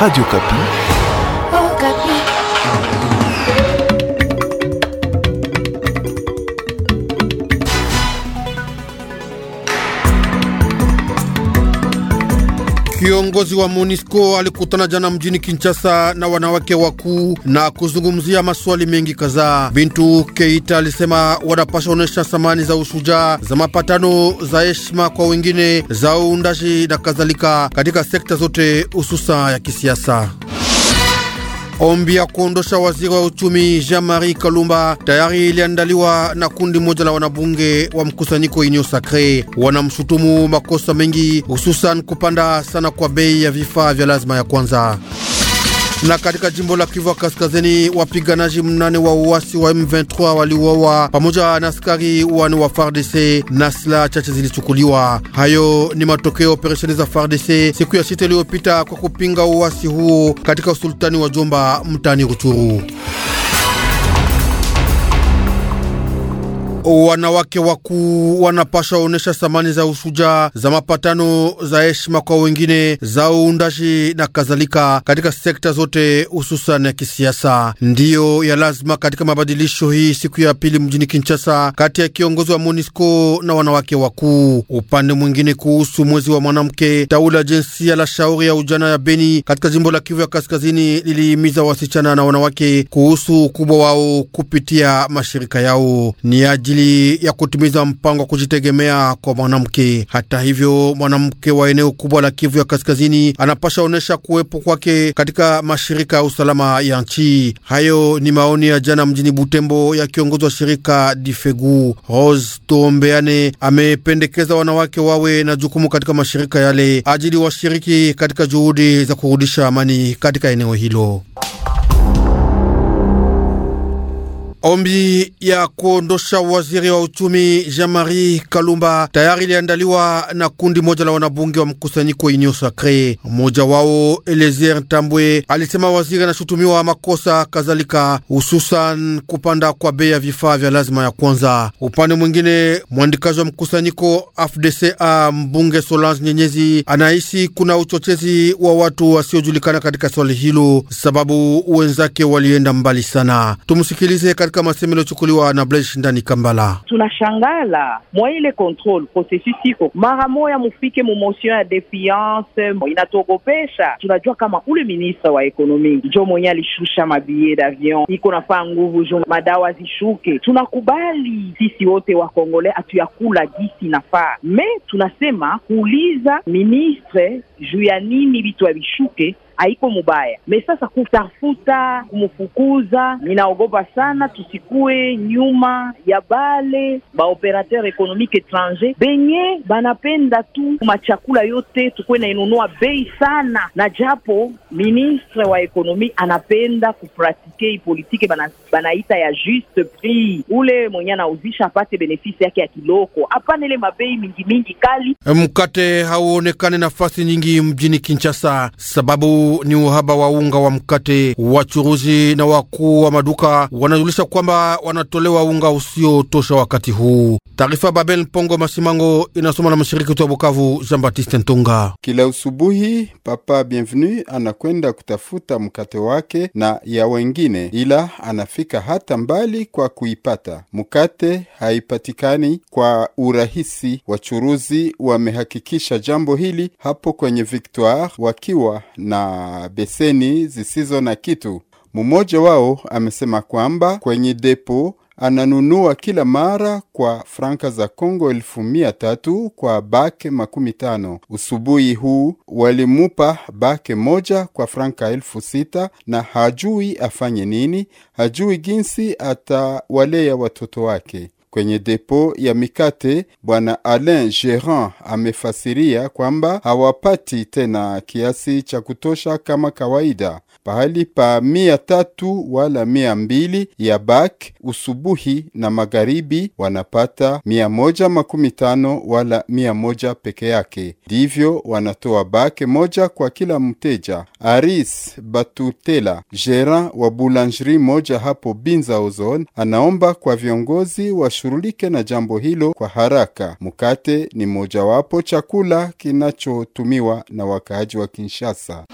Radio Copie Kiongozi wa MONUSCO alikutana jana mjini Kinshasa na wanawake wakuu na kuzungumzia maswali mengi kadhaa. Bintu Keita alisema wanapasha onesha thamani za ushujaa, za mapatano, za heshima kwa wengine, za uundaji na kadhalika katika sekta zote hususa ya kisiasa. Ombi ya kuondosha waziri wa uchumi Jean-Marie Kalumba tayari iliandaliwa na kundi moja la wanabunge wa mkusanyiko Union Sacre. Wanamshutumu makosa mengi, hususan kupanda sana kwa bei ya vifaa vya lazima ya kwanza. Na katika jimbo la Kivu Kaskazini, wapiganaji mnane wa uasi wa M23 waliuawa pamoja na askari wane wa FARDC na silaha chache zilichukuliwa. Hayo ni matokeo ya operesheni za FARDC siku ya sita iliyopita kwa kupinga uasi huo katika usultani wa Jomba mtani Ruchuru. Wanawake wakuu wanapasha onesha thamani za usuja za mapatano za heshima kwa wengine za uundaji na kadhalika katika sekta zote, hususan ya kisiasa, ndiyo ya lazima katika mabadilisho hii siku ya pili mjini Kinshasa, kati ya kiongozi wa MONUSCO na wanawake wakuu. Upande mwingine, kuhusu mwezi wa mwanamke, taula jinsia la shauri ya ujana ya Beni katika jimbo la Kivu ya Kaskazini lilihimiza wasichana na wanawake kuhusu ukubwa wao kupitia mashirika yao ni aji ajili ya kutimiza mpango wa kujitegemea kwa mwanamke. Hata hivyo, mwanamke wa eneo kubwa la Kivu ya Kaskazini anapasha onyesha kuwepo kwake katika mashirika ya usalama ya nchi. Hayo ni maoni ya jana mjini Butembo ya kiongozi wa shirika Difegu Rose Tuombeane. Amependekeza wanawake wawe na jukumu katika mashirika yale ajili washiriki katika juhudi za kurudisha amani katika eneo hilo. Ombi ya kuondosha waziri wa uchumi Jean-Marie Kalumba tayari iliandaliwa na kundi moja la wanabunge wa mkusanyiko Union Sacre. Mmoja wao Elezer Tambwe alisema waziri anashutumiwa makosa, kadhalika hususan kupanda kwa bei ya vifaa vya lazima ya kwanza. Upande mwingine, mwandikaji wa mkusanyiko AFDCA mbunge Solange Nyenyezi anahisi kuna uchochezi wa watu wasiojulikana katika swali hilo, sababu wenzake walienda mbali sana. Tumsikilize katika masemo iliyochukuliwa na Blesh ndani Kambala. Tunashangala mwa ile control processus iko mara moya, mufike mu motion ya defiance inatogopesha. Tunajua kama ule ministre wa ekonomi njo mwenye alishusha mabie davion iko nafaa nguvu jo madawa zishuke. Tunakubali sisi wote wa Kongole atuyakula gisi nafaa me, tunasema kuuliza ministre juu ya nini vitu avishuke haiko mubaya. Me sasa kutafuta kumfukuza, ninaogopa sana tusikue nyuma ya bale baoperateur ekonomike etranger benye banapenda tu machakula yote tukuwe na inunua bei sana, na japo ministre wa ekonomi anapenda kupratike ipolitike bana, banaita ya juste prix, ule mwenye anauzisha apate benefisi yake ya kiloko, hapana ile mabei mingi mingi kali. Mkate hauonekane nafasi nyingi mjini Kinshasa sababu ni uhaba wa unga wa mkate. Wachuruzi na wakuu wa maduka wanajulisha kwamba wanatolewa unga usiotosha wakati huu. Taarifa Babel Mpongo Masimango inasoma na mshiriki wetu wa Bukavu Jean Baptiste Ntunga. Kila usubuhi Papa Bienvenu anakwenda kutafuta mkate wake na ya wengine, ila anafika hata mbali kwa kuipata. Mkate haipatikani kwa urahisi. Wachuruzi wamehakikisha jambo hili hapo kwenye Victoire wakiwa na beseni zisizo na kitu. Mmoja wao amesema kwamba kwenye depo ananunua kila mara kwa franka za Kongo elfu mia tatu kwa bake makumi tano. Usubuhi huu walimupa bake moja kwa franka elfu sita na hajui afanye nini, hajui jinsi atawalea watoto wake kwenye depo ya mikate. Bwana Alain gerand amefasiria kwamba hawapati tena kiasi cha kutosha kama kawaida, pahali pa mia tatu wala mia mbili ya bak usubuhi na magharibi, wanapata mia moja makumi tano wala mia moja peke yake, ndivyo wanatoa bake moja kwa kila mteja. Aris Batutela Gerant wa boulangerie moja hapo Binza Ozone anaomba kwa viongozi wa washughulike na jambo hilo kwa haraka. Mkate ni mojawapo chakula kinachotumiwa na wakaaji wa Kinshasa.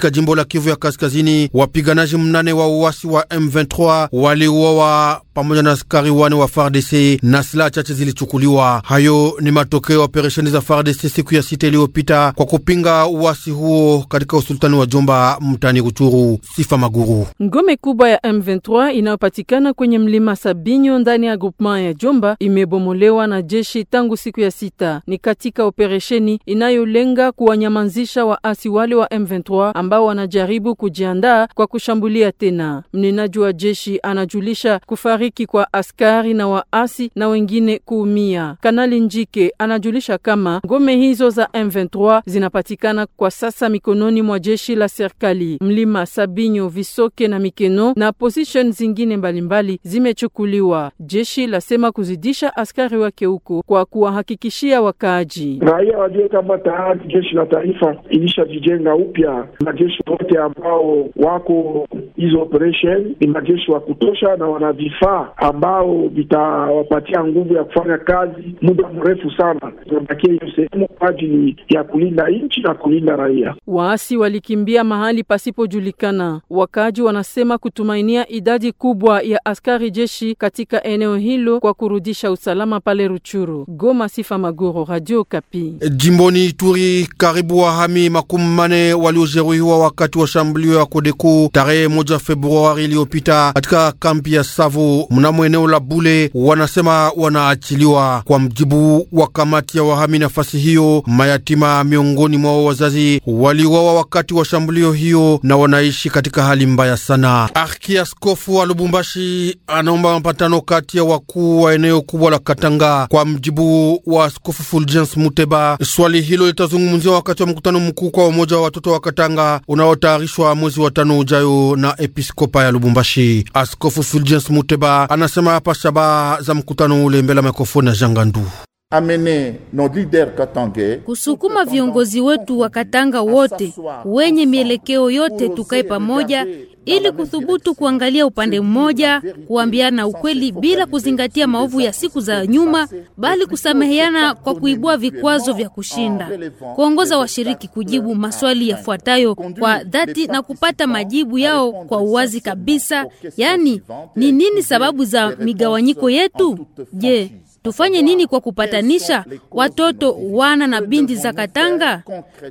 Katika jimbo la Kivu ya Kaskazini, wapiganaji mnane wa uasi wa M23 waliuawa pamoja na askari wane wa FARDC na silaha chache zilichukuliwa. Hayo ni matokeo ya operesheni za FARDC siku ya sita iliyopita kwa kupinga uasi huo katika usultani wa Jomba mtani Ruchuru. Sifa Maguru. Ngome kubwa ya M23 inayopatikana kwenye mlima Sabinyo ndani ya groupement ya Jomba imebomolewa na jeshi tangu siku ya sita. Ni katika operesheni inayolenga kuwanyamazisha waasi wale wa M23 ambao wanajaribu kujiandaa kwa kushambulia tena. Mnenaji wa jeshi anajulisha kufari kufariki kwa askari na waasi na wengine kuumia. Kanali Njike anajulisha kama ngome hizo za M23 zinapatikana kwa sasa mikononi mwa jeshi la serikali. Mlima Sabinyo, Visoke na Mikeno na position zingine mbalimbali zimechukuliwa. Jeshi lasema kuzidisha askari wake huko kwa kuwahakikishia wakaaji raia wajue kama tayari jeshi la taifa ilishajijenga upya na jeshi wote ambao wako hizo operation ni majeshi wa kutosha na wana vifaa ambao vitawapatia nguvu ya kufanya kazi muda mrefu sana. Tunabakia hiyo sehemu kwa ajili ya kulinda nchi na kulinda raia. Waasi walikimbia mahali pasipojulikana. Wakaji wanasema kutumainia idadi kubwa ya askari jeshi katika eneo hilo kwa kurudisha usalama pale Ruchuru. Goma, Sifa Magoro, Radio Kapi. Jimboni Ituri, karibu wahami makumi mane waliojeruhiwa wakati wa shambulio ya Kodeko tarehe moja Februari iliyopita katika kampi ya Savo mnamo eneo la Bule, wanasema wanaachiliwa. Kwa mjibu wa kamati ya wahami nafasi hiyo, mayatima miongoni mwao wazazi waliuawa wakati wa shambulio hiyo na wanaishi katika hali mbaya sana. Arkiaskofu wa Lubumbashi anaomba mapatano kati ya wakuu wa eneo kubwa la Katanga. Kwa mjibu wa Askofu Fulgence Muteba, swali hilo litazungumziwa wakati wa mkutano mkuu kwa umoja wa watoto wa Katanga unaotayarishwa mwezi wa tano ujayo na episkopa ya Lubumbashi. Askofu Fulgence Muteba anasema hapa shabaha za mkutano ule mbele ya mikrofoni ya Jangandu. Amene no lider Katange kusukuma viongozi wetu wa Katanga wote wenye mielekeo yote tukae pamoja ili kuthubutu kuangalia upande mmoja, kuambiana ukweli bila kuzingatia maovu ya siku za nyuma, bali kusameheana kwa kuibua vikwazo vya kushinda, kuongoza washiriki kujibu maswali yafuatayo kwa dhati na kupata majibu yao kwa uwazi kabisa, yaani ni nini sababu za migawanyiko yetu? Je, Tufanye nini kwa kupatanisha watoto wana na binti za Katanga?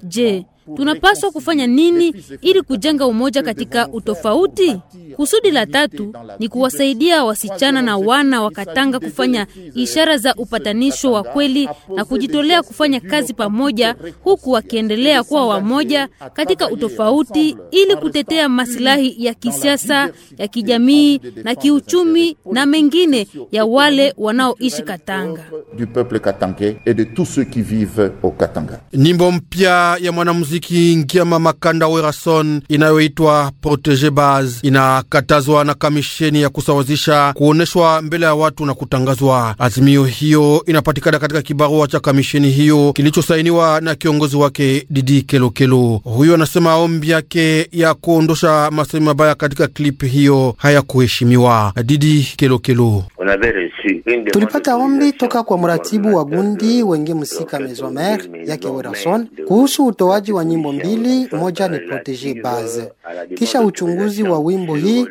Je, Tunapaswa kufanya nini ili kujenga umoja katika utofauti? Kusudi la tatu ni kuwasaidia wasichana na wana wa Katanga kufanya ishara za upatanisho wa kweli na kujitolea kufanya kazi pamoja, huku wakiendelea kuwa wamoja katika utofauti, ili kutetea masilahi ya kisiasa, ya kijamii na kiuchumi na mengine ya wale wanaoishi Katanga. Nyimbo mpya ya mwanamuziki muziki Ngiama Makanda Werason inayoitwa Protege Base inakatazwa na kamisheni ya kusawazisha kuoneshwa mbele ya watu na kutangazwa. Azimio hiyo inapatikana katika kibarua cha kamisheni hiyo kilichosainiwa na kiongozi wake Didi Kelokelo. Huyo anasema ombi yake ya kuondosha masemi mabaya katika klip hiyo hayakuheshimiwa. Didi Kelokelo: tulipata ombi toka kwa mratibu wa gundi wenge msika Mezomer yake Werason kuhusu utoaji wa wa nyimbo mbili, moja ni Protege Base. Kisha uchunguzi wa wimbo hii,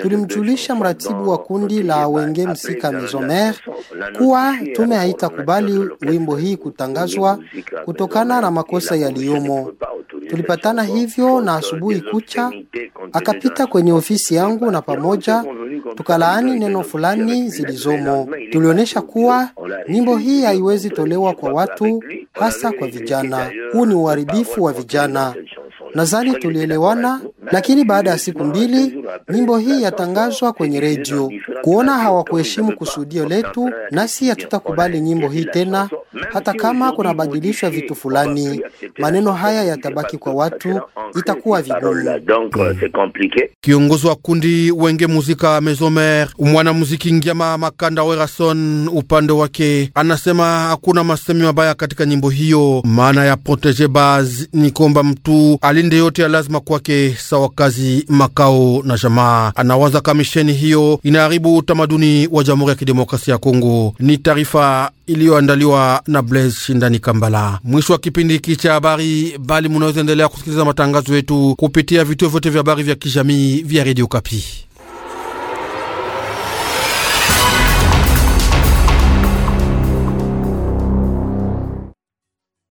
tulimjulisha mratibu wa kundi la Wenge Msika Mesomer kuwa tume haitakubali wimbo hii kutangazwa kutokana na makosa yaliyomo. Tulipatana hivyo na asubuhi kucha akapita kwenye ofisi yangu na pamoja tukalaani neno fulani zilizomo. Tulionyesha kuwa nyimbo hii haiwezi tolewa kwa watu, hasa kwa vijana. Huu ni uharibifu wa vijana. Nadhani tulielewana, lakini baada ya siku mbili nyimbo hii yatangazwa kwenye redio. Kuona hawakuheshimu kusudio letu, nasi hatutakubali nyimbo hii tena hata kama kunabadilishwa vitu fulani, maneno haya yatabaki kwa watu, itakuwa vigumu. Hmm. Kiongozi wa kundi Wenge Muzika Mesomer, mwanamuziki Ngiama Makanda Werason, upande wake anasema hakuna masemi mabaya katika nyimbo hiyo. Maana ya protege baz ni kwamba mtu alinde yote ya lazima kwake, sawa kazi, makao na jamaa. Anawaza kamisheni hiyo inaharibu utamaduni wa Jamhuri ya Kidemokrasia ya Kongo. Ni taarifa iliyoandaliwa na Blaise Shindani Kambala. Mwisho wa kipindi hiki cha habari, bali munaweza endelea kusikiliza matangazo yetu kupitia vituo vyote vya habari vya kijamii vya Radio Kapi.